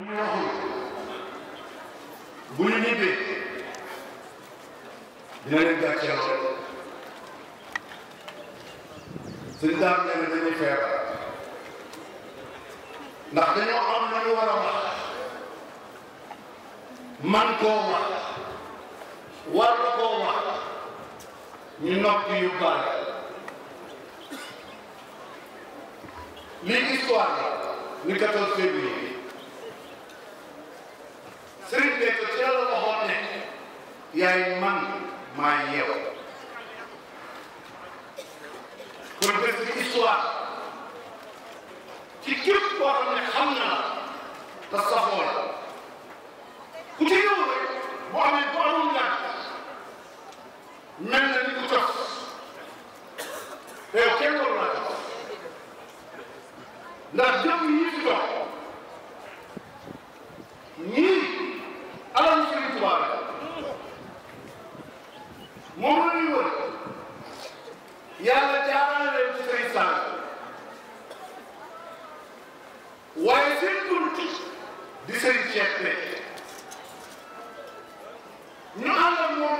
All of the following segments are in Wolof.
bu ñu waxul bu ñu ñibbee dina leen gàcceel suñ daan nee na dañuy feebar ndax dañoo am na man koo war la koo noppi yu bari lii histoire la ni 14 février sëriñ bi ko ci yàlla waxoon yaay man maa yeew kon bi histoire ci képp koo xam xam na la saxoo Touba moom la ñuy wër yàlla jaarale leen ci say saan waaye seen tuuti di seen ceeb ñu àndal moom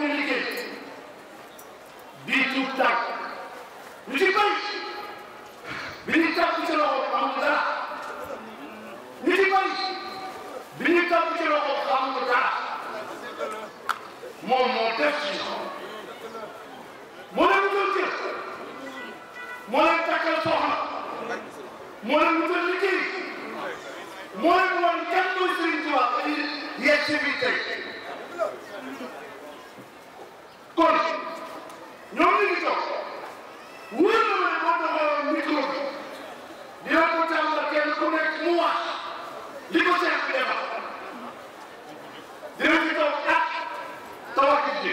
90。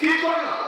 9個目の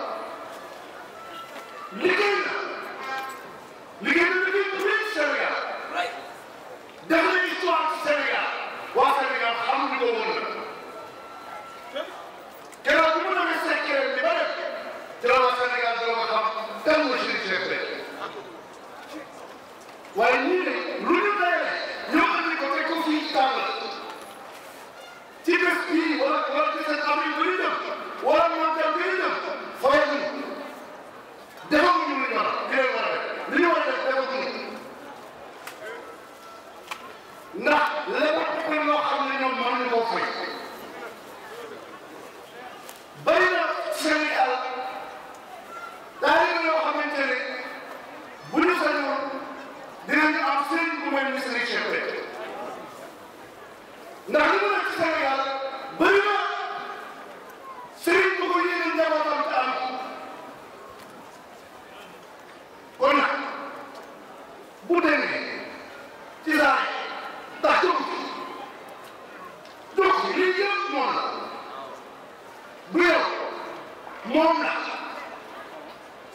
moom la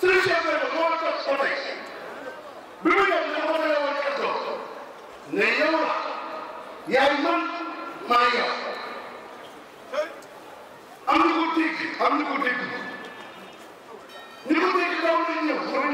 suñu chef de moo la toog bi ma ñëw dina ko doyoo woon kër ne yow la man maa am na ko am na ko dégg ñu ko dégg daaw nañ ñëw xool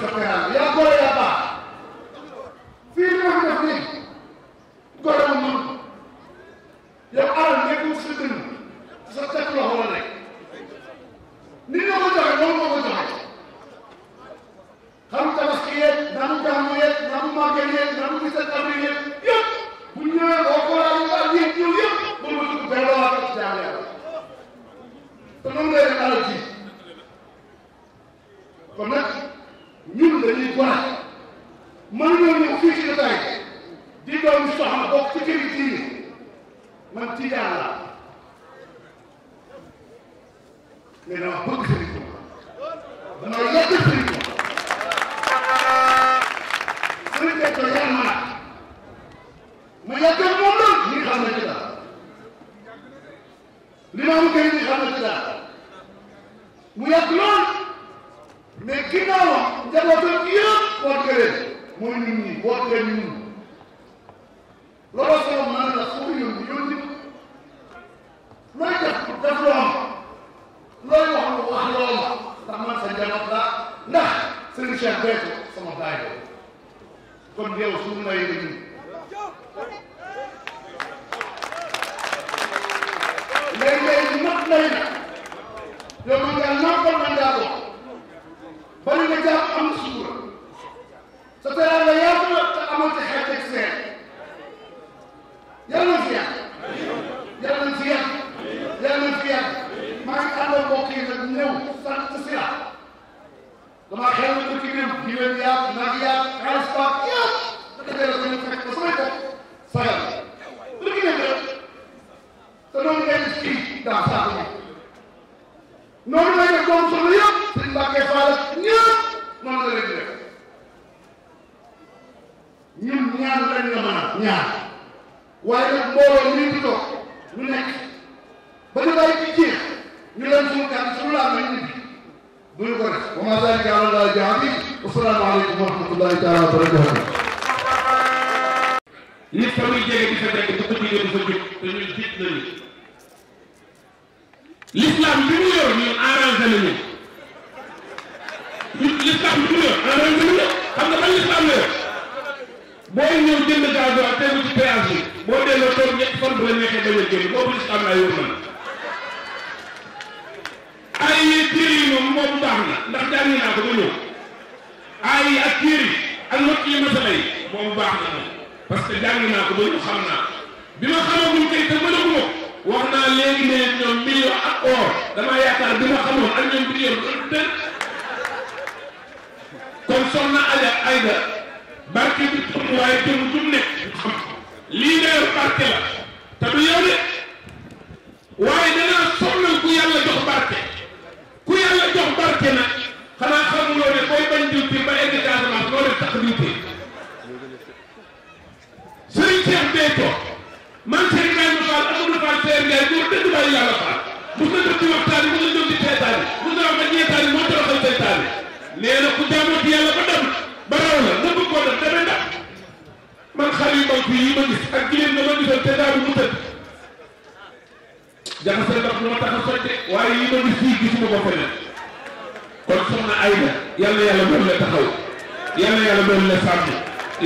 essa ferramenta. E agora é doomi soxna bokk ci kër gi ci yàlla mais dama bëgg Serigne Touba dama yàgg Serigne Touba Serigne Béthio yar ma nag ma yàggal moom la ñi xam na ci dara li ma am kay ñi xam na ci dara mu yàgg lool mais ginnaawam njabootam yëpp woote mooy nit ñi woote leen ñun looloo sabab ma ne la xaw ma yónni yónni looy def def loo am looy wax lu wax loo am ndax man sa njaboot laa ndax sëriñ Cheikh Béthio sama baay kon yow suñu may lu nekk ba ñu bàyyi bi jeex ñu leen suñu kàddu suñu laaj la ñu bu ñu ko def wa maa zaalika alaa Allaahi bi aziiz assalaamu aleykum wa rahmatullaahi taala wa barakaatu nit fa muy jege di fa nekk di ko jege di fa jóg te ñun jiit nañu l'islam bi mu yor ñun arrangé nañu ñun l'islam bi mu yor arrangé nañu xam nga ban l'islam la yor booy ñëw jënd gaz bi ak tegu ci péage bi boo delloo toog ñetti fan bu la neexee bañ a génn boobu lislaam ay wër man ay yi téere yi moom moom baax na ndax jàngi naa ko ba ñëw ay yi ak téere yi ak not yi masala yi moom baax na moom parce que jàngi naa ko ba ñëw xam naa bi ma xamagum tey te mënaguma wax naa léegi ne ñoom million ak or damaa yaakaar bi ma xamoon ak ñoom million dëgg kon soxna Aja Ayda barke bi waaye jëm jum nekk xam lii nga yor parti la te du yow de waaye du ma tax a soj de waaye yi ma gis fii gisuma ko feneen kon soxna Ayda yal na yàlla doon la taxaw yal na yàlla la sàmm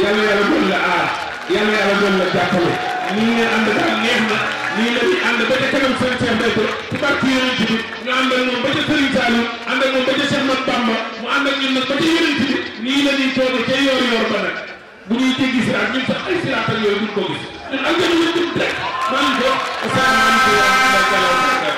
yal na yàlla la aar yal na yàlla la jàppale nii ngeen ànd daal neex na nii la ñuy ànd ba ca kanam seen Cheikh Béthio ci barke Yonent bi ñu ànd ak moom ba ca Serigne Saliou ànd ak moom ba ca Cheikh Mat Bamba mu ànd ak ñun nag ba ca Yonent bi nii la ñuy toog ca yoor yoor ba nag Islam ñun sax ay siraatal yooyu duñ ko gis ñun ak yéen a ngi leen di dégg man de. asalaamaaleykum wa rahmatulah.